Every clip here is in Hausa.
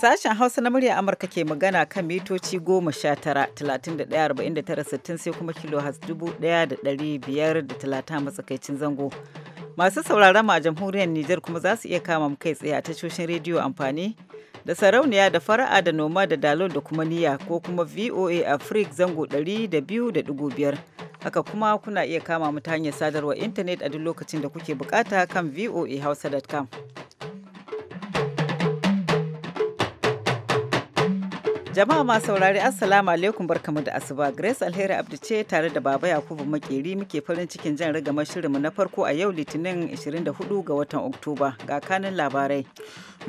Sashen Hausa na murya Amurka ke magana kan mitoci 19 31 tara 60 sai kuma kilo has 1,530 matsakaicin zango. Masu sauraron a jamhuriyar Nijar kuma za su iya kama kai tsaye a tashoshin rediyo amfani da sarauniya da fara'a da noma da dalon da kuma niyya ko kuma VOA Africa zango ɗari da da biyu biyar haka kuma kuna iya kama mu ta hanyar sadarwar intanet a duk lokacin da kuke bukata kan voahausa.com. Jama'a masu saurari Assalamu alaikum barkamu da asuba Grace Alheri Abdu ce tare da Baba Yakubu Makeri muke farin cikin jan rigamar shirinmu na farko a yau Litinin 24 ga watan Oktoba ga kanin labarai.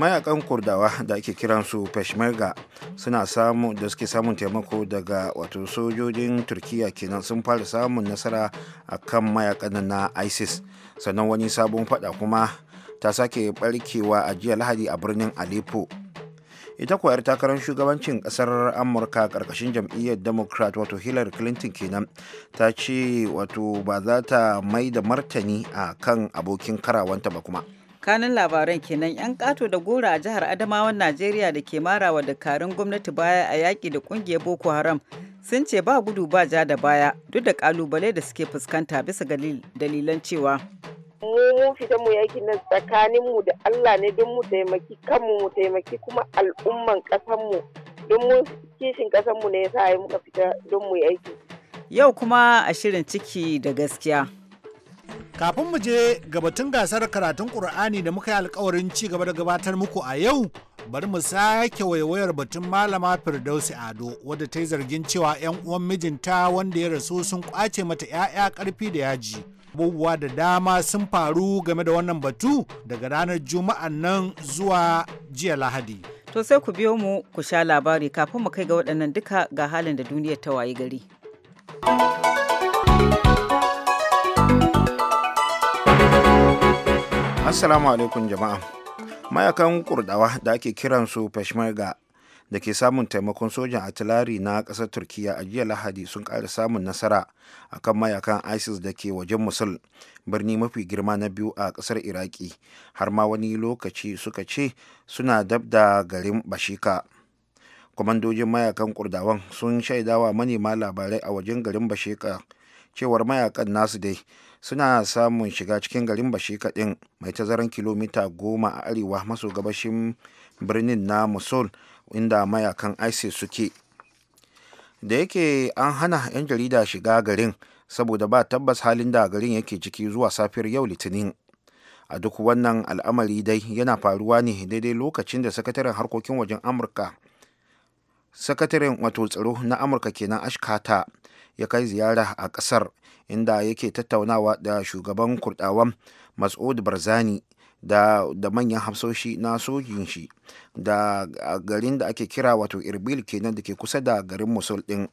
Mayakan Kurdawa da ake kiran su Peshmerga suna samu da suke samun taimako daga wato sojojin Turkiya kenan sun fara samun nasara a kan mayakan na ISIS sannan wani sabon fada kuma ta sake barkewa a jiya Lahadi a birnin Aleppo ita kwayar takarar shugabancin kasar amurka karkashin jam'iyyar democrat wato hillary clinton kenan ta ce wato ba za ta mai da martani a kan abokin karawanta ba kuma kanin labaran kenan yan kato da gora a jihar adamawan najeriya da ke marawa dakarun gwamnati baya a yaƙi da ƙungiyar boko haram sun ce ba gudu ba ja da baya duk da kalubale da suke fuskanta bisa dalilan cewa mu mun fita mu yakin nan tsakanin mu da Allah ne don mu taimaki kanmu mu taimaki kuma al'umman ƙasar mu don mu kishin ƙasar mu ne yasa ai muka fita don mu aiki yau kuma a shirin ciki da gaskiya kafin mu je gabatun gasar karatun Ƙur'ani da muka yi alkawarin ci gaba da gabatar muku a yau bari mu sake waiwayar batun malama firdausi ado wadda ta yi zargin cewa 'yan uwan mijinta wanda ya rasu sun kwace mata 'ya'ya karfi da yaji abubuwa da dama sun faru game da wannan batu daga ranar juma'a nan zuwa jiya lahadi to sai ku biyo mu ku sha labari kafin mu kai ga waɗannan duka ga halin da duniyar ta wayi gari assalamu alaikum jama'a mayakan kurdawa da ake kiransu peshmerga da ke samun taimakon sojan atilari na ƙasar turkiya a jiya lahadi sun ƙara samun nasara akan mayakan isis da ke wajen musul birni mafi girma na biyu a ƙasar iraki har ma wani lokaci suka ce suna dab da garin bashika kwamandojin mayakan kurdawan sun shaidawa manema labarai a wajen garin bashika cewar mayakan nasu dai suna samun shiga cikin garin bashi kaɗin mai tazaran kilomita goma a arewa maso gabashin birnin na mosul inda mayakan isis suke da yake an hana 'yan jarida shiga garin saboda ba tabbas halin da garin yake ciki zuwa safiyar yau litinin a duk wannan al'amari dai yana faruwa ne daidai lokacin da sakataren harkokin wajen amurka sakataren wato tsaro na amurka kenan ashkata ya kai ziyara a kasar inda yake tattaunawa da shugaban kurdawan mas'ud barzani da, da manyan hafsoshi na sojin shi da garin da ake kira wato irbil kenan da ke kusa da garin musul din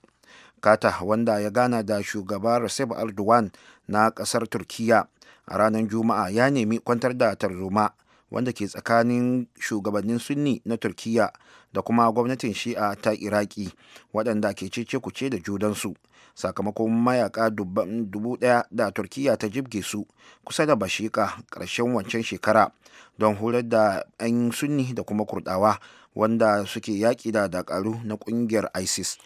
kata wanda ya gana da shugaba recep erdogan na kasar turkiya a ranar juma'a ya nemi kwantar da tarzoma wanda ke tsakanin shugabannin sunni na turkiyya da kuma gwamnatin shi'a ta iraki waɗanda ke cece kuce da judansu sakamakon mayaka dubu ɗaya da turkiyya ta jibge su kusa da bashika ƙarshen wancan shekara don horar da 'yan sunni da kuma kurɗawa wanda suke yaƙi da dakaru na ƙungiyar isis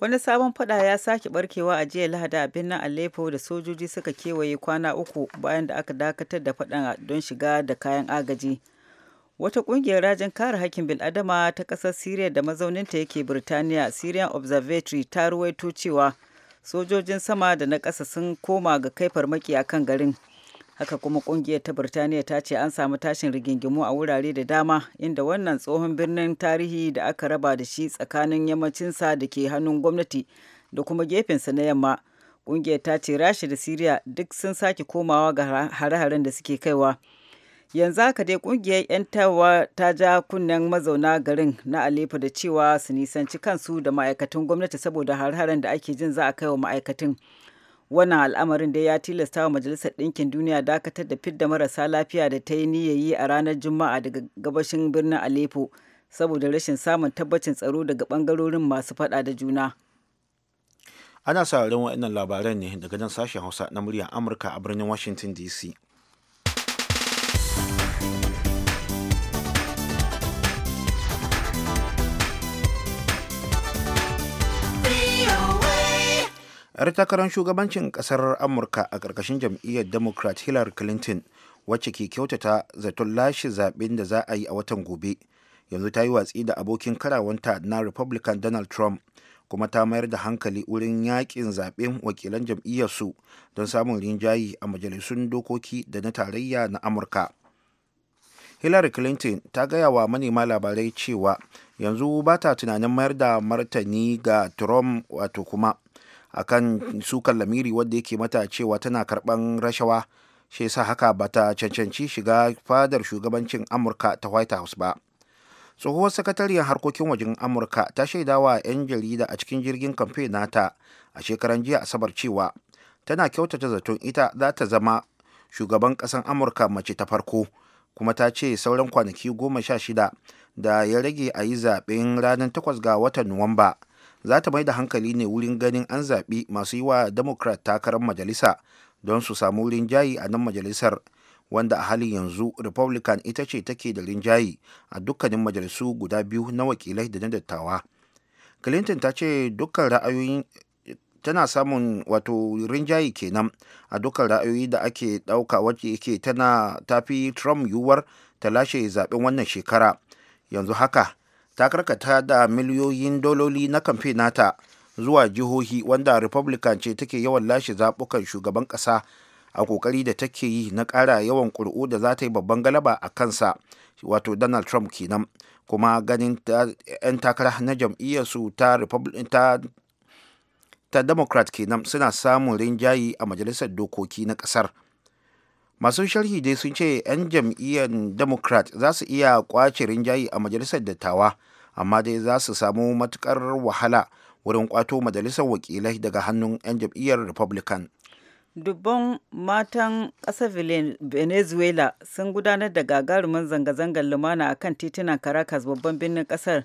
Wani sabon fada ya sake barkewa a jiya lahada a birnin Aleppo da sojoji suka kewaye kwana uku bayan da aka dakatar da fadan don shiga da kayan agaji. Wata kungiyar rajin kare hakkin bil'adama ta ƙasar Siriya da mazauninta yake Birtaniya, Syrian Observatory ta ruwaito cewa sojojin sama da na ƙasa sun koma ga kai farmaki a kan garin. haka kuma kungiyar ta birtaniya ta ce an samu tashin rigingimu a wurare da dama inda wannan tsohon birnin tarihi da aka raba da shi tsakanin yammacinsa da ke hannun gwamnati da kuma gefensa na yamma kungiyar ta ce rashi da siriya duk sun sake komawa ga hare da suke kaiwa yanzu haka dai kungiyar 'yan tawa ta ja kunnen mazauna garin na alepo da cewa su nisanci kansu da ma'aikatan gwamnati saboda har-haren da ake jin za a kai wa ma'aikatan wannan al'amarin da ya tilasta wa majalisar ɗinkin duniya dakatar da fidda marasa lafiya da ta yi niyayi a ranar juma'a daga gabashin birnin alepo saboda rashin samun tabbacin tsaro daga ɓangarorin masu faɗa da juna ana sa sauraron waɗannan labaran ne daga nan sashen hausa na muryar amurka a birnin washington dc 'yar takarar shugabancin kasar amurka a ƙarƙashin jam'iyyar democrat hillary clinton wacce ke kyautata zaton lashe zaɓen da za a yi a watan gobe yanzu ta yi watsi da abokin karawanta na republican donald trump kuma ta mayar da hankali wurin yakin zaɓen wakilan jam'iyyarsu don samun rinjaye a majalisun dokoki da na tarayya na amurka hillary clinton ta gaya wa manema labarai cewa yanzu ba ta tunanin mayar da martani ga trump wato kuma a kan sukan lamiri wadda yake mata cewa tana karban rashawa shi yasa haka ba ta cancanci shiga fadar shugabancin amurka ta white house ba tsohuwar sakatariyar harkokin wajen amurka ta shaidawa 'yan jarida a cikin jirgin kamfe nata a shekaran jiya asabar cewa tana kyautata zaton ita za ta zama shugaban ƙasan amurka mace ta farko kuma ta ce sauran kwanaki goma sha shida da ya rage a yi zaɓen ranar takwas ga watan nuwamba za ta mai da hankali ne wurin ganin an zaɓi masu yi wa democrat takarar majalisa don su samu rinjayi a nan majalisar wanda a halin yanzu republican ita ce take da rinjayi a dukkanin majalisu guda biyu na wakilai da na dattawa clinton ta ce dukkan ra'ayoyin tana samun wato rinjayi kenan a dukkan ra'ayoyi da ake ɗauka wacce yake tana tafi trump yiwuwar ta lashe zaɓen wannan shekara yanzu haka ta karkata da miliyoyin dololi na kamfe nata zuwa jihohi wanda republican ce take yawan lashe zabukan shugaban kasa a kokari da take yi na kara yawan kuri'u da za ta yi babban galaba a kansa wato donald trump kenan kuma ganin 'yan takara na jam'iyyarsu ta ta ta democrat kenan suna samun rinjaye a majalisar dokoki na kasar. masu sharhi dai sun ce 'yan jam'iyyar democrat za su iya kwace rinjaye a majalisar dattawa amma dai za su samu matukar wahala wurin kwato majalisar wakilai daga hannun 'yan jam'iyyar republican dubban matan ƙasar venezuela sun gudanar da gagarumin zanga-zangar lumana a kan titunan caracas babban birnin ƙasar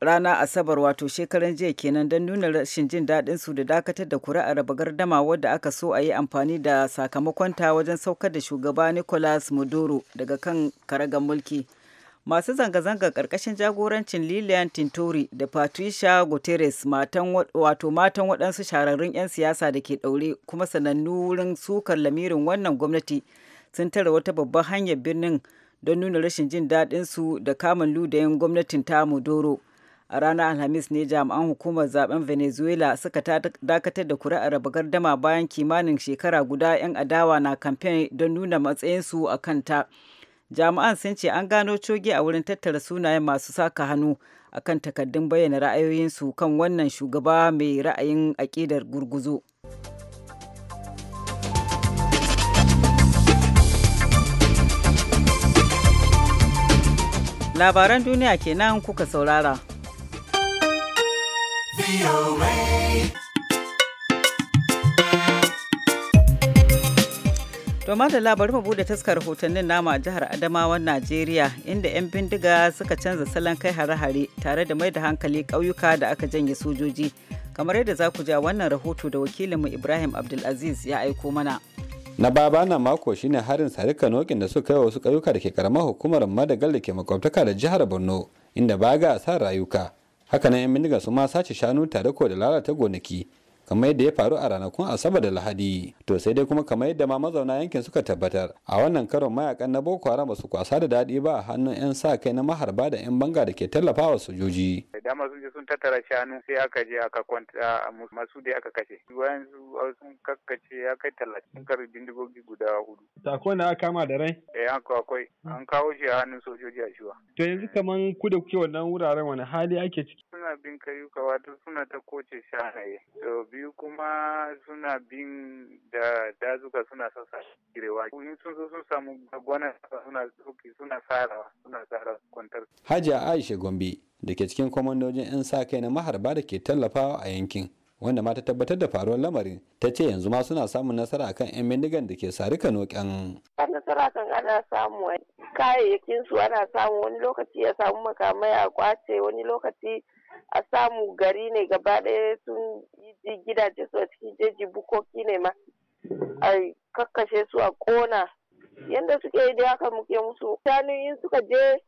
rana asabar wato shekaran jiya kenan don nuna rashin jin daɗin su da dakatar da kuri'ar raba gardama wadda aka so a yi amfani da sakamakonta wajen saukar da shugaba nicolas maduro daga kan karagar mulki masu zanga-zanga ƙarƙashin jagorancin lilian tintori da patricia guterres wato matan waɗansu shahararrun 'yan siyasa da ke ɗaure kuma sanannu wurin sukar lamirin wannan gwamnati sun tara wata babbar hanyar birnin don nuna rashin jin daɗin su da kamun ludayin gwamnatin ta doro a ranar alhamis ne jami'an hukumar zaben venezuela suka dakatar da kuri'ar raba gardama bayan kimanin shekara guda 'yan adawa na kamfen don nuna matsayinsu a kanta jami'an sun ce an gano coge a wurin tattara sunayen masu saka hannu akan takaddun bayyana ra'ayoyinsu kan wannan shugaba mai ra'ayin aƙidar gurguzo. Labaran duniya kenan kuka saurara. Doma da labarin mu da taskar hotunan nama a jihar Adamawan Najeriya inda 'yan bindiga suka canza salon kai hare-hare tare da mai da hankali ƙauyuka da aka janye sojoji. Kamar yadda za ku ja wannan rahoto da wakilinmu Ibrahim Abdulaziz ya aiko mana. na baba na mako shine harin sarika nokin da suka yi wasu ƙauyuka da ke karamar hukumar madagal da ke makwabtaka da jihar borno inda baga a sa rayuka hakanan yan bindiga su ma sace shanu tare ko da lalata gonaki kamar yadda ya faru a ranakun asabar da lahadi to sai dai kuma kamar yadda ma mazauna yankin suka tabbatar a wannan karon mayakan na boko haram ba su kwasa da daɗi ba a hannun yan sa kai na maharba da yan banga da ke tallafa wa sojoji dama sun je sun tattara shanu sai aka je aka kwanta masu da aka kashe bayan su sun kakkace ya kai talatin karin dindigogi guda hudu akwai na kama da rai eh an akwai an kawo shi a hannun sojoji a shiwa to yanzu kamar ku da kuke wannan wuraren wani hali ake ciki suna bin kayuka wato suna ta koce shanaye biyu kuma suna bin da dazuka suna sassa kirewa in sun sun samu gwana suna tsoki suna sarawa suna tsara kwantar. hajiya aisha gombe da ke cikin kwamandojin 'yan sa kai na maharba da ke tallafawa a yankin wanda ma ta tabbatar da faruwar lamarin ta ce yanzu ma suna samun nasara akan 'yan bindigan da ke sari kano kyan. nasara kan ana samu kayayyakin su ana samu wani lokaci ya samu makamai a kwace wani lokaci a samu gari ne gaba ɗaya sun yi gidaje su a cikin jeji bukoki ne ma a kakkashe su a kona yadda suke yi da haka muke musu shanu in suka je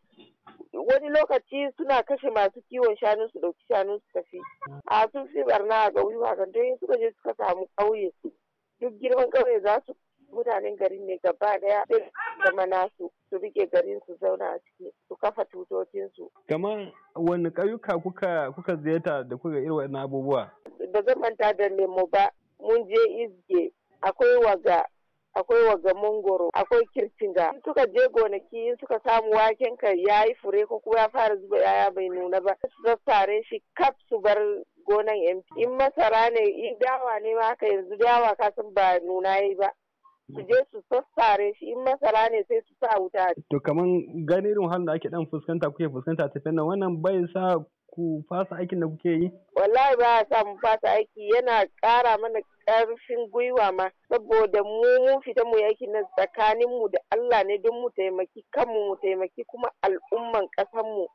wani lokaci suna kashe masu kiwon shanu su dauki shanu su tafi a sun fi barna a gauri ba kan in suka je suka samu ƙauye duk girman ƙauye za su mutanen garin ne gaba da zama nasu su rike garin su zauna a ciki su kafa tutocinsu. Kamar wani ƙauyuka kuka kuka ziyarta da kuka irin abubuwa? Ba zan manta da lemo ba, mun je izge, akwai waga, akwai waga mongoro, akwai kirtinga. In suka je gonaki in suka samu waken ka ya yi fure ko kuma ya fara zuba yaya bai nuna ba, su zassare shi kaf su bar gonan MP. In masara ne, in dawa ne ma haka yanzu dawa kasan ba nuna yi ba. su je su sassare shi in masara ne sai su sa wuta. To kaman gani irin halin da ake dan fuskanta kuke fuskanta ta fannin wannan bai sa ku fasa aikin da kuke yi? Wallahi ba sa mu fasa aiki yana ƙara mana ƙarfin gwiwa ma saboda mu mu fita mu yaki na tsakanin mu da Allah ne don mu taimaki kanmu mu taimaki kuma al'umman ƙasar mu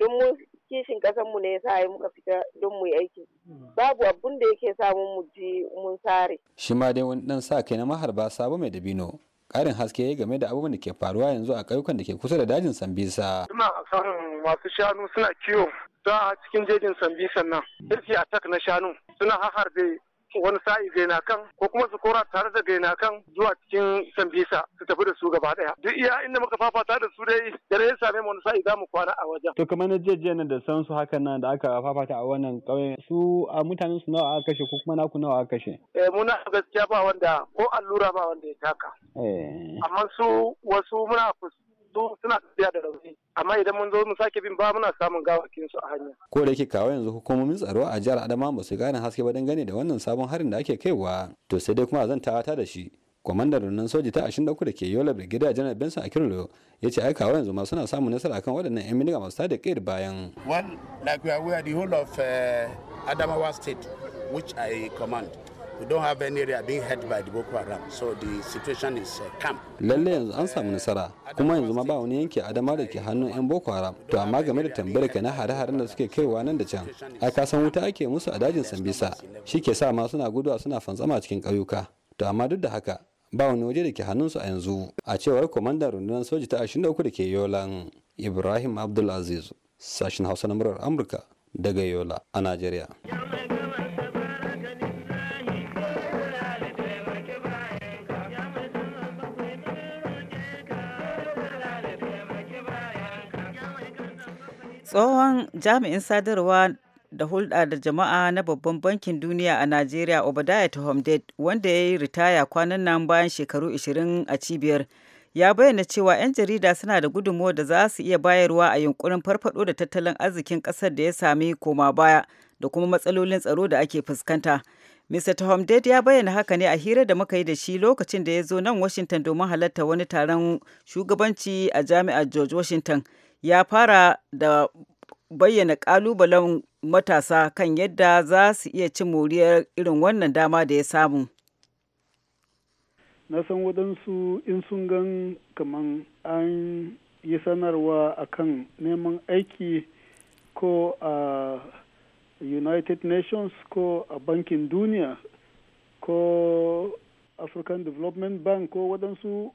don mu kishin kasan mu ne yasa yi muka fita don mu yi aiki hmm. babu abun da yake samun mu ji mun sare shi ma dai wani dan sa kai na maharba sabo mai dabino karin haske ya game da abubuwan da ke faruwa yanzu a ƙauyukan da ke kusa da dajin sambisa suna samun masu shanu suna kiwo ta cikin jejin sambisan nan a attack na shanu suna harbe wani sa'i gaina kan ko kuma su kora tare da gaina kan zuwa cikin sambisa su tafi da su gaba daya duk iya inda muka fafata da su dai dare ya same mu wani sa'i za mu kwana a wajen. to kamar na jejjena da san su hakan nan da aka fafata a wannan ƙauyen su a mutanen su nawa aka kashe ko kuma naku nawa aka kashe. eh muna gaskiya ba wanda ko allura ba wanda ya taka. Eh. amma su wasu muna zo suna tafiya da rauni amma idan mun zo mu sake bin ba muna samun gawakin su a hanya ko da yake kawo yanzu hukumomin tsaro a jihar adama ba su gane haske ba dangane da wannan sabon harin da ake kaiwa to sai dai kuma zan tawata da shi kwamandan rundunar soji ta 23 da ke yola brigadier janar benson akirlo ya ce aikawa yanzu ma suna samun nasara kan waɗannan 'yan miniga masu tada kayar bayan one like we are, whole of eh, adamawa state which i command we don't have any area being hurt by the Boko Haram. So the situation is uh, calm. Lalle yanzu an samu nasara kuma yanzu ma ba wani yanki adama da ke hannun 'yan Boko Haram. To amma game da tambayar ka na hare-haren da suke kaiwa nan da can. A ka san wuta ake musu a dajin Sambisa. Shi ke sa ma suna guduwa suna fantsama cikin ƙauyuka. To amma duk da haka ba wani waje da ke hannunsu a yanzu a cewar kwamandan rundunar soji ta 23 da ke yolan ibrahim abdulaziz sashen hausa na murar amurka daga yola a najeriya tsohon jami'in sadarwa da hulɗa da jama'a na babban bankin duniya a najeriya obadiah tohomded wanda ya yi ritaya kwanan nan bayan shekaru 20 a cibiyar ya bayyana cewa 'yan jarida suna da gudunmuwa da za su iya bayarwa a yunkurin farfado da tattalin arzikin ƙasar da ya sami koma baya da kuma matsalolin tsaro da ake fuskanta mr tohomded ya bayyana haka ne a hira da muka yi da shi lokacin da ya zo nan washington domin halarta wani taron shugabanci a jami'ar george washington ya fara da bayyana ƙalubalen matasa kan yadda za su iya cin moriyar irin wannan dama da ya samu. Na san waɗansu in sun gan kaman an yi sanarwa akan neman aiki ko a United Nations ko a Bankin Duniya ko African Development Bank ko waɗansu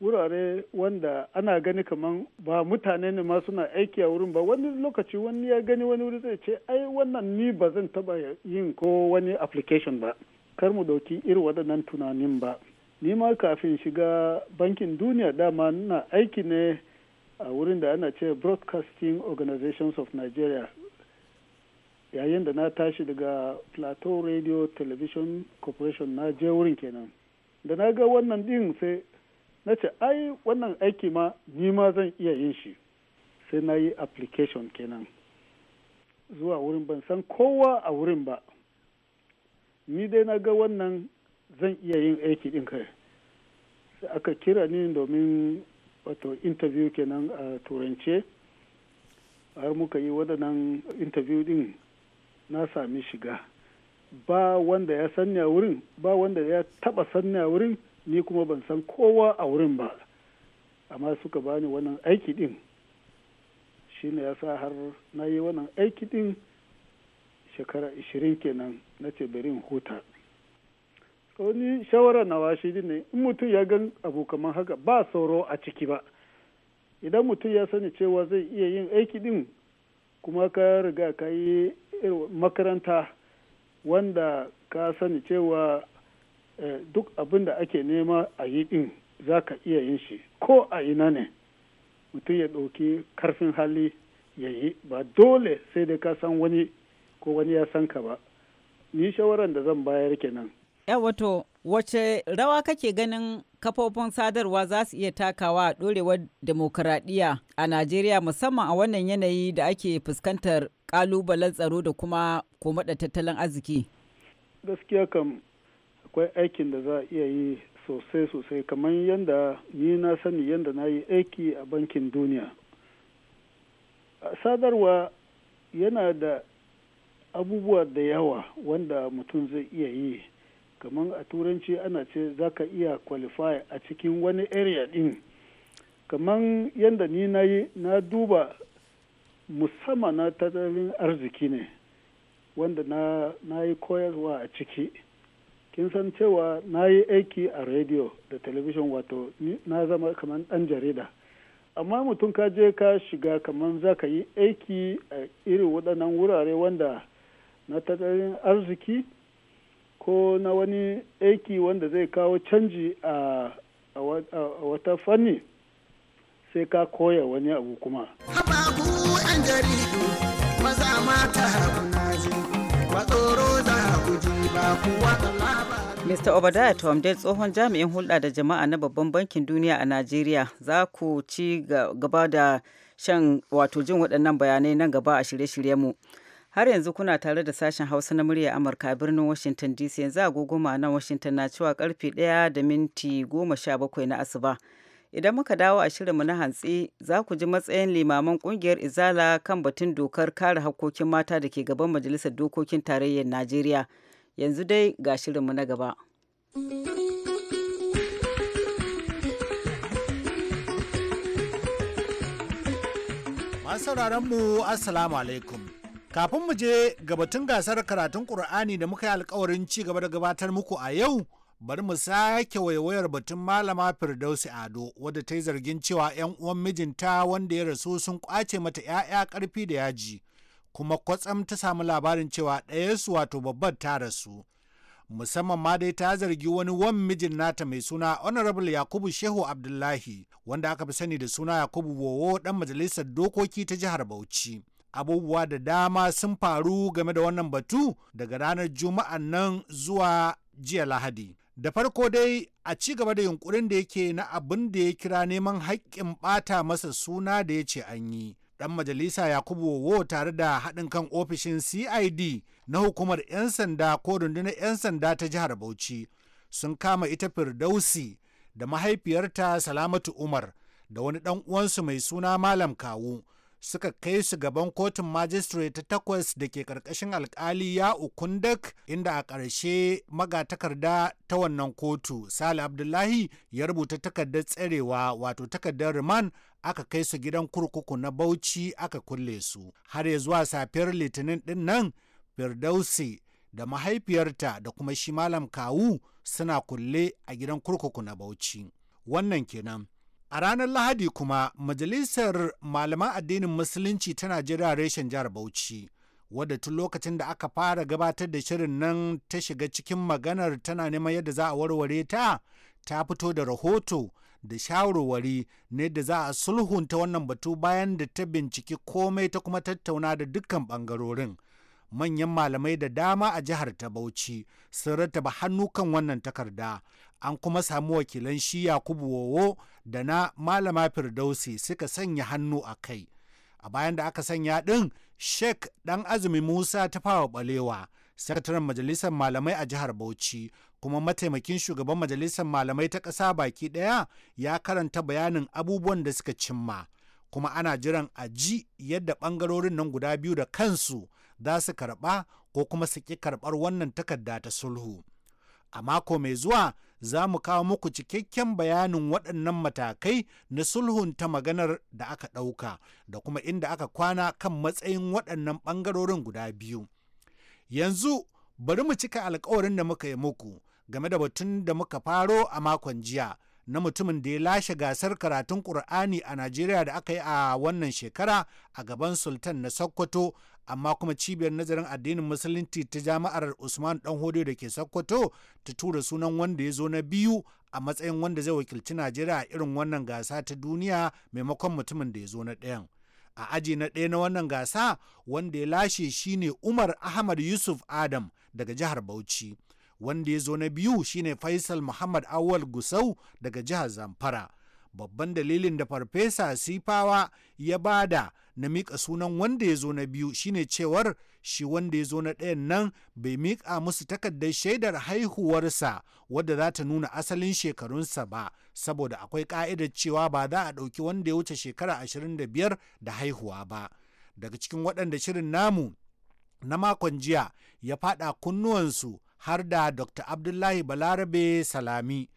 wurare wanda ana gani kamar ba mutane ne ma suna aiki a wurin ba wani lokaci wani ya gani wani wuri zai ce ai wannan ni ba zan taba yin ko wani application ba kar mu dauki irin waɗannan tunanin ba ni ma kafin shiga bankin duniya dama na aiki ne a wurin da ana ce broadcasting organizations of nigeria yayin da na tashi daga plateau radio television corporation na je wurin kenan da na ga wannan din sai na ce ai wannan aiki ma ni ma zan iya yin shi sai na yi application kenan zuwa wurin ban san kowa a wurin ba ni dai na ga wannan zan iya yin aiki ɗin kai sai aka kira ni domin wato interview kenan a turance har muka yi waɗannan interview ɗin na sami shiga ba wanda ya sanya wurin ba wanda ya taɓa sanya wurin ni kuma ban san kowa a wurin ba amma suka bani wannan aiki din shi ne ya sa har na yi wannan aiki din shekara 20 kenan na ce huta wani shawara nawa din ne in mutum ya gan abu kamar haka ba sauro a ciki ba idan mutum ya sani cewa zai iya yin aiki din kuma ka riga ka yi makaranta wanda ka sani cewa Eh, duk abin da ake nema a yi din za ka iya yin shi ko a ina ne mutum ya ɗauki karfin hali ya yi ba dole sai dai ka san wani ko wani ya san ka ba ni shawaran da zan bayar kenan eh, wato wace rawa kake ganin kafofin sadarwa za su iya takawa a ɗorewar demokuraɗiyya a najeriya musamman a wannan yanayi da ake fuskantar ƙalubalen tsaro da kuma komaɗa tattalin arziki gaskiya kam akwai aikin da za a iya yi sosai sosai kamar yadda ni na sani yadda na yi aiki a bankin duniya sadarwa yana da abubuwa da yawa wanda mutum zai iya yi kamar a turanci ana ce za ka iya qualify a cikin wani area din kamar yadda ni na yi na duba musamman na tattalin arziki ne wanda na, na yi koyarwa a ciki kin san cewa na yi aiki a rediyo da talabijin wato na zama kamar dan jarida amma mutum ka je ka shiga kamar za ka yi aiki a irin waɗannan wurare wanda na tattalin arziki ko na wani aiki wanda zai kawo canji a wata fanni sai ka koya wani abu kuma. Hababu 'yan jaridu maza mata Mr. Obadiah Tom Dale tsohon jami'in hulɗa da jama'a na babban bankin duniya a Najeriya za ku ci gaba da shan wato jin waɗannan bayanai nan gaba a shirye-shiryenmu. Har yanzu kuna tare da sashen Hausa na murya Amurka a birnin Washington DC yanzu agogo na Washington na cewa karfe ɗaya da minti goma sha bakwai na asuba. Idan muka dawo a shirinmu na hantsi za ku ji matsayin limaman kungiyar Izala kan batun dokar kare hakkokin mata da ke gaban Majalisar Dokokin Tarayyar Najeriya. yanzu dai ga shirinmu na gaba masu mu assalamu alaikum kafin mu je gabatun gasar karatun ƙur'ani da muka yi alkawarin ci gaba da gabatar muku a yau bari mu sake waiwayar batun malama firdausi ado wadda ta yi zargin cewa 'yan uwan mijinta wanda ya rasu sun kwace mata 'ya'ya karfi da yaji kuma kwatsam ta samu labarin cewa ɗaya su wato babbar ta rasu. Musamman ma dai ta zargi wani wan mijin nata mai suna Honorable Yakubu Shehu Abdullahi wanda aka fi sani da suna Yakubu Wowo dan majalisar dokoki ta jihar Bauchi. Abubuwa da dama sun faru game da wannan batu daga ranar Juma'an nan zuwa jiya Lahadi. Da farko dai a ci gaba da yunkurin da yake na abin da ya kira neman haƙƙin ɓata masa suna da ya ce an yi. Dan majalisa yakubu wo tare da haɗin kan ofishin cid na hukumar 'yan sanda ko rundunar 'yan sanda ta jihar bauchi sun kama ita firdausi da mahaifiyarta salamatu umar da wani ɗan uwansu mai suna malam kawu suka kai su gaban kotun majistare ta takwas da ke karkashin alkali ya ukundak inda a ƙarshe magatakarda ta wannan kotu sale abdullahi ya rubuta takardar tserewa wato takardar riman aka kai su gidan kurkuku na bauchi aka kulle su har ya zuwa safiyar litinin din nan firdausi da mahaifiyarta da kuma shi malam kawu suna kulle a gidan kurkuku na bauchi wannan kenan A ranar Lahadi kuma Majalisar Malaman Addinin Musulunci ta Najeriya reshen jihar Bauchi, wadda tun lokacin da aka fara gabatar da shirin nan ta shiga cikin maganar tana neman yadda za a warware ta, ta fito da rahoto da shawarwari ne da za a sulhunta wannan batu bayan da ta binciki komai ta kuma tattauna da dukkan ɓangarorin. manyan malamai da dama a jihar ta Bauchi sun rattaba hannu kan wannan takarda. An kuma samu wakilan shi Yakubu Wowo da na Malama Firdausi suka sanya hannu a kai. A bayan da aka sanya ɗin, Sheikh ɗan azumi Musa ta fawa balewa, sakataren majalisar malamai a jihar Bauchi, kuma mataimakin shugaban majalisar malamai ta ƙasa baki ɗaya ya karanta bayanin abubuwan da suka cimma. Kuma ana jiran a ji yadda ɓangarorin nan guda biyu da kansu za su karɓa ko kuma su ƙi karɓar wannan takarda ta sulhu. A mako mai zuwa za mu kawo muku cikakken bayanin waɗannan matakai na sulhun ta maganar da aka ɗauka da kuma inda aka kwana kan matsayin waɗannan ɓangarorin guda biyu. Yanzu bari mu cika alkawarin da muka yi muku game da batun da muka faro a makon jiya na mutumin da ya lashe gasar karatun Ƙur'ani a Najeriya da aka yi a wannan shekara a gaban Sultan na Sokoto, amma kuma cibiyar nazarin addinin Musulunci ta jami'ar Usman dan Hodo da ke Sokoto ta tura sunan wanda ya zo na biyu a matsayin wanda zai wakilci Najeriya a irin wannan gasa ta duniya maimakon mutumin da ya zo na ɗayan. a aji na ɗaya na wannan gasa wanda ya lashe shine Umar Ahmad Yusuf Adam daga jihar Bauchi wanda ya zo na biyu shine faisal muhammad awal gusau daga jihar zamfara babban dalilin da farfesa sifawa ya bada na miƙa sunan wanda ya zo na biyu shine cewar shi wanda ya zo na ɗayan nan bai miƙa musu takardar shaidar haihuwarsa wadda za ta nuna asalin shekarunsa ba saboda akwai ƙa'idar cewa ba za a ɗauki wanda ya wuce shekara 25 da haihuwa ba daga cikin waɗanda shirin namu na makon jiya ya faɗa kunnuwansu har da Dr. Abdullahi Balarabe Salami,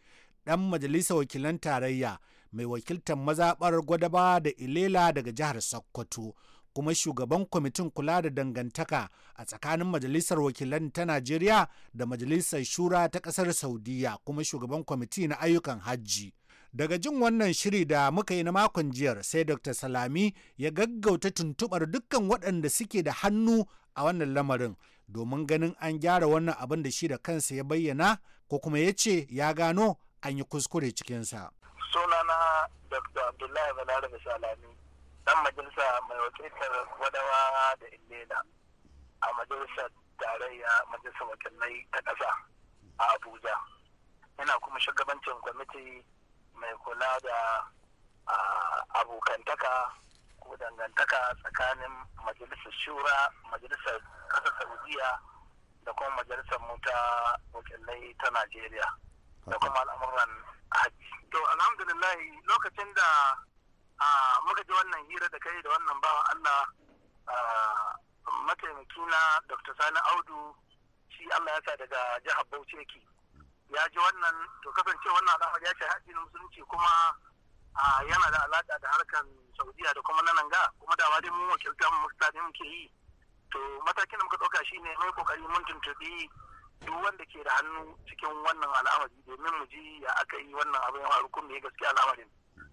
ɗan majalisa wakilan tarayya mai wakiltar mazaɓar gwadaba da Ilela daga jihar Sokoto, kuma shugaban kwamitin kula da dangantaka a tsakanin majalisar wakilan ta Najeriya da majalisar shura ta ƙasar Saudiya kuma shugaban kwamiti na ayyukan hajji. daga jin wannan shiri da muka yi na makon jiyar sai dr salami ya gaggauta tuntubar dukkan waɗanda suke da hannu a wannan lamarin domin ganin an gyara wannan abin da shi da kansa ya bayyana ko kuma ya ce ya gano an yi kuskure cikinsa. sunana dr abdullahi balarabe salami dan majalisa mai wakiltar wadawa da illela a majalisar tarayya majalisar wakilai ta ƙasa a abuja yana kuma shugabancin kwamiti mai kula da ah, abokantaka ko dangantaka tsakanin majalisar shura majalisar ƙasar saudiya da kuma majalisar mu ta wakilai ta najeriya da kuma al'amuran haji to alhamdulillah lokacin da muka ji wannan hira da kai da wannan bawa allah mataimaki na dr sani audu shi allah ya sa daga jihar bauchi yake ya ji wannan to kasance wannan al'amari ya shi haji musulunci kuma yana da alaƙa da harkan saudiya da kuma nan ga kuma da wadin mun wakilta mu mutane muke yi to matakin da muka ɗauka shine mai kokari mun tuntuɓi duk wanda ke da hannu cikin wannan al'amari domin mu ji ya aka yi wannan abin ya faru da ya gaskiya al'amarin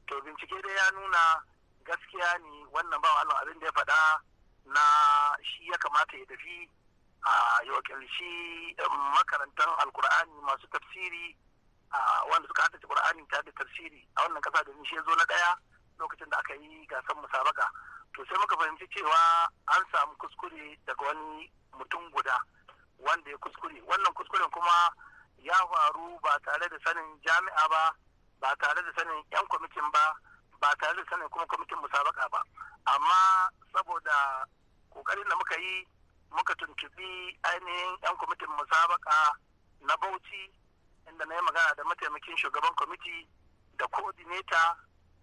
to bincike dai ya nuna gaskiya ne wannan ba Allah abin da ya faɗa na shi ya kamata ya tafi a yi wakilci eh, makarantar alkur'ani masu tafsiri wanda suka haddace Qur'ani ta da tafsiri a wannan kasa da shi zo na daya lokacin da aka yi gasar musabaka to sai muka fahimci cewa an samu kuskure daga wani mutum guda wanda ya kuskure wannan kuskuren kuma ya faru ba tare da sanin jami'a ba ba tare da sanin yan kwamitin ba ba tare da sanin kuma kwamitin musabaka ba amma saboda kokarin da muka yi muka tuntubi ainihin yan kwamitin musabaka na bauchi inda na yi magana da mataimakin shugaban kwamiti da coordinator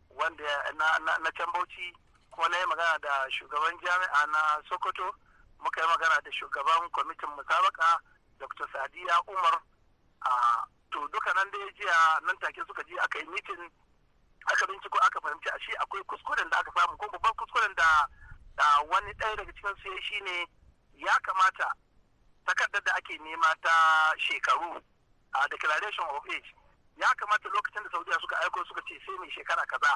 wanda na can bauchi kuma na yi magana da shugaban jami'a na sokoto muka yi magana da shugaban kwamitin musabaka dr sadiya umar to duka nan da ya jiya nan take suka ji aka yi mitin aka binciko aka fahimci a shi akwai kuskuren da aka samu ko babban kuskuren da wani ɗaya daga cikin su ne ya kamata takardar da ake nema ta shekaru a declaration of age ya kamata lokacin da saudiya suka aiko suka ce sai mai shekara kaza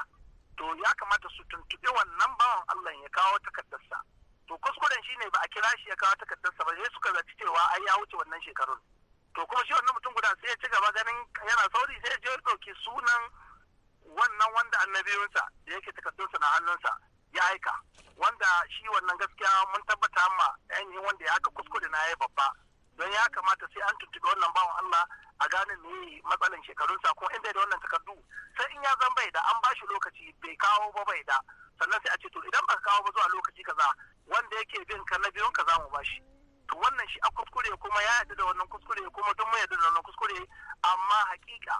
to ya kamata su tuntuɓi wannan bawan allah ya kawo takardarsa to kuskuren shine ba a kira shi ya kawo takardarsa ba sai suka zaci cewa ai ya wuce wannan shekarun to kuma shi wannan mutum guda sai ya ci gaba ganin yana sauri sai ya je ya ɗauki sunan wannan wanda annabiyunsa da yake takardunsa na hannunsa ya aika wanda shi wannan gaskiya mun tabbata ma ainihin wanda ya haka kuskure na ya babba don ya kamata sai an tuntuɓi wannan bawan Allah a gane me matsalan shekarunsa ko in da wannan takardu sai in ya zan bai da an bashi lokaci bai kawo ba bai da sannan sai a ce to idan baka kawo ba zuwa lokaci kaza wanda yake bin ka na biyun ka za mu bashi to wannan shi a kuskure kuma ya yadda da wannan kuskure kuma duk mun yadda da wannan kuskure amma hakika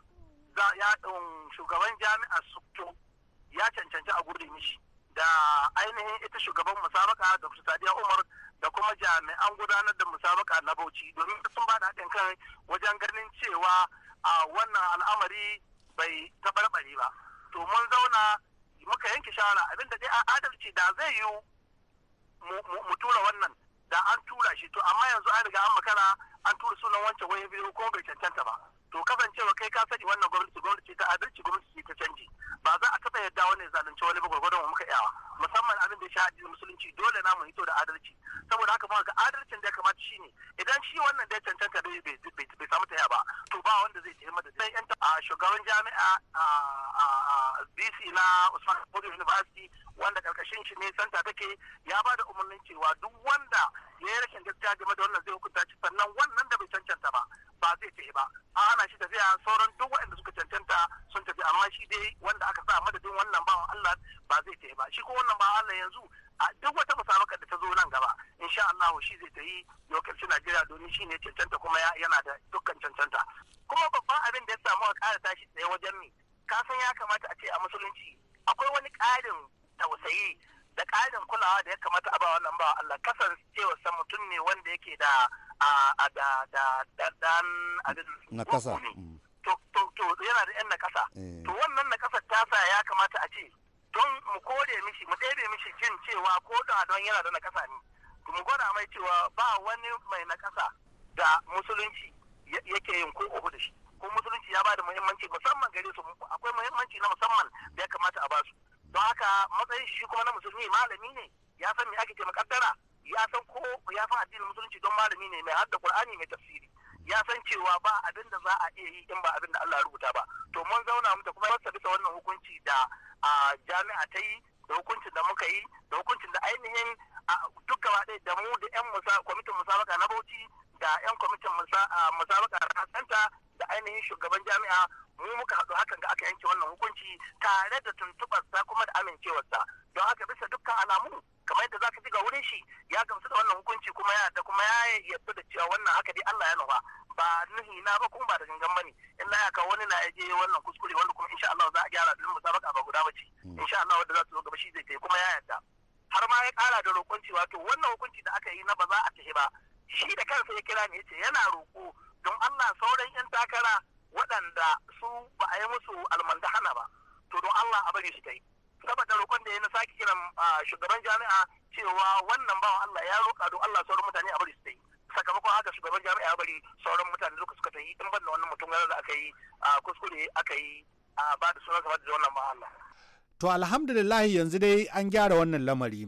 za ya um, shugaban jami'a sukto ya cancanci a gurin mishi da ainihin ita shugaban musabaka Dr. Sadiya Umar da kuma jami'an gudanar da musabaka na bauchi domin sun ba da haɗin kai wajen ganin cewa a wannan al'amari bai taɓarɓare ba to mun zauna muka yanke shawara abinda dai a adalci da zai yiwu mu tura wannan da an tura shi to amma yanzu an riga an makara an tura sunan wancan wani biyu ko bai cancanta ba to kasancewa kai ka sani wannan gwamnati gwamnati ta adalci gwamnati ta canji ba za a taɓa yadda wani zalunci wani ba gwargwadon muka iyawa musamman abin da ya shahadi musulunci dole na mu hito da adalci saboda haka muka ga adalcin da ya kamata ne idan shi wannan da ya cancanta bai samu ta ba to ba wanda zai taimaka da sai yanta a shugaban jami'a a BC na Usman Bodo University wanda karkashin shi ne santa take ya ba da umarnin cewa duk wanda ya yi rashin gaskiya game da wannan zai hukunta shi sannan wannan da bai cancanta ba ba zai tafi ba a ana shi tafiya sauran duk waɗanda suka cancanta sun tafi amma shi dai wanda aka sa madadin wannan bawan Allah ba zai tafi ba shi ko wannan ba Allah yanzu a duk wata musabaka da ta zo nan gaba insha Allah shi zai ta yi wakilci Najeriya domin shi ne cancanta kuma yana da dukkan cancanta kuma babban abin da ya samu a ƙara tashi tsaye wajen ni ka san ya kamata a ce a musulunci akwai wani ƙarin tausayi da ƙarin kulawa da ya kamata a ba wannan ba Allah cewa san mutum ne wanda yake da a da da dan abin na kasa mm. to to yana da yan na kasa eh. to wannan na kasa ta sa ya kamata a ce don mu kore mishi mu ɗebe mishi jin cewa ko da don yana da nakasa ne mu gwada mai cewa ba wani mai nakasa da musulunci yake yin ko uku da shi ko musulunci ya ba da muhimmanci musamman gare su akwai muhimmanci na musamman da ya kamata a su don haka matsayin shi kuma na musulmi malami ne ya san me ake ce makaddara ya san ko ya san addinin musulunci don malami ne mai hadda qur'ani mai tafsiri ya san cewa ba abin da za a iya yi in ba abin da Allah rubuta ba to mun zauna mu ta kuma masa bisa wannan hukunci da jami'a ta yi da hukuncin da muka yi da hukuncin da ainihin duk gaba ɗaya da mu da 'yan kwamitin musabaka na bauchi da 'yan kwamitin musabaka na da ainihin shugaban jami'a mu muka haɗu hakan ga aka yanke wannan hukunci tare da tuntuɓarsa kuma da amincewarsa don haka bisa dukkan alamu kamar yadda zaka ji ga wurin shi ya gamsu da wannan hukunci kuma ya da kuma ya yarda da cewa wannan haka dai Allah ya nufa ba nuhi na ba kuma ba da gangan bane illa ya kawo wani na je wannan kuskure wanda kuma insha Allah za a gyara din musabaka ba guda bace hmm. insha Allah wanda za su zo gaba shi zai kai kuma ya yarda har ma ya kara da roƙon cewa to wannan hukunci da aka yi na ba za a tafi ba shi da kansa ya kira ni ya ce yana roƙo bari su kai yi da roƙon da ya na sake kiran shugaban jami'a cewa wannan bawan Allah ya roƙa don Allah sauran mutane a bari su yi sakamakon haka shugaban jami'a ya bari sauran mutane da suka ta yi in ban da wannan mutum da aka yi kuskure aka yi ba da sunan kamar da wannan bawan Allah. To alhamdulillah yanzu dai an gyara wannan lamari.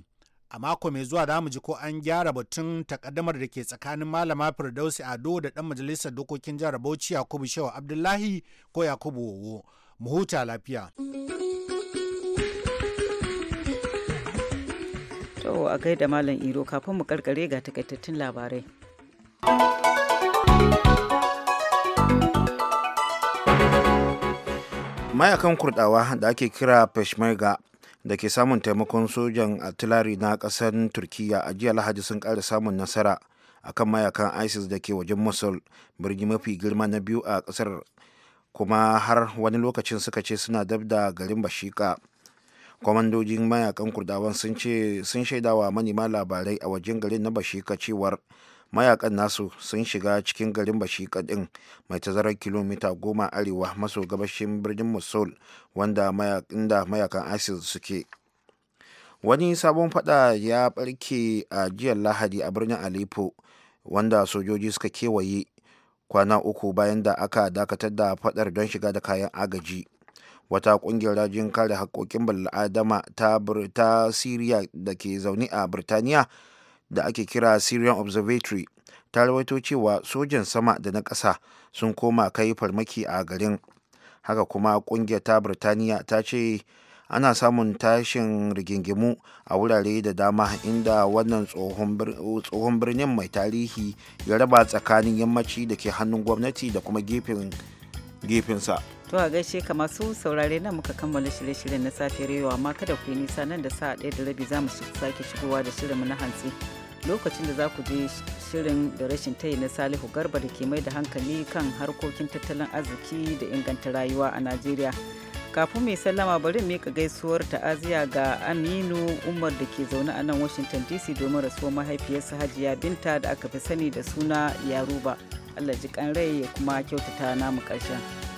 a mako mai zuwa za mu ji ko an gyara batun takaddamar da ke tsakanin malama firdausi ado da dan majalisar dokokin jihar bauchi yakubu shehu abdullahi ko yakubu wowo mu huta lafiya. To a gaida Malam Iro kafin mu karkare ga takaitattun labarai. Mayakan kurdawa da ake kira Peshmerga da ke samun taimakon sojan artillery na kasar Turkiyya a jiya Lahadi sun ƙara samun nasara akan mayakan ISIS da ke wajen Mosul birni mafi girma na biyu a ƙasar kuma har wani lokacin suka ce suna dab da garin Bashika. kwamandojin mayakan kurdawan sun ce sun shaidawa manema labarai a wajen garin na bashika cewar mayakan nasu sun shiga cikin garin bashika din mai tazarar kilomita goma arewa maso gabashin birnin musul wanda inda mayakan isis suke wani sabon fada ya barke a jiya lahadi a birnin aleppo wanda sojoji suka kewaye kwana uku bayan da aka dakatar da fadar don shiga da kayan agaji wata kungiyar rajin kare haƙƙoƙin bala'adama ta, ta siriya da ke zaune a birtaniya da ake kira syrian observatory ta rawaito cewa sojan sama da na ƙasa sun koma kai farmaki a garin haka kuma kungiyar ta birtaniya ta ce ana samun tashin rigingimu a wurare da dama inda wannan tsohon birnin mai tarihi ya raba tsakanin yammaci da ke hannun gwamnati da kuma gefensa. To a gaishe ka masu saurare na muka kammala shirye-shiryen na safe yau amma kada ku yi nisa nan da sa'a ɗaya da rabi za mu sake shigowa da shirinmu na hantsi. Lokacin da za ku je shirin da rashin tayi na Salihu Garba da ke mai da hankali kan harkokin tattalin arziki da inganta rayuwa a Najeriya. Kafin mai sallama bari mika gaisuwar ta'aziya ga Aminu Umar da ke zaune a nan Washington DC domin rasuwar mahaifiyarsa Hajiya Binta da aka fi sani da suna Yaruba. Allah ji kan rai ya kuma kyautata namu karshen.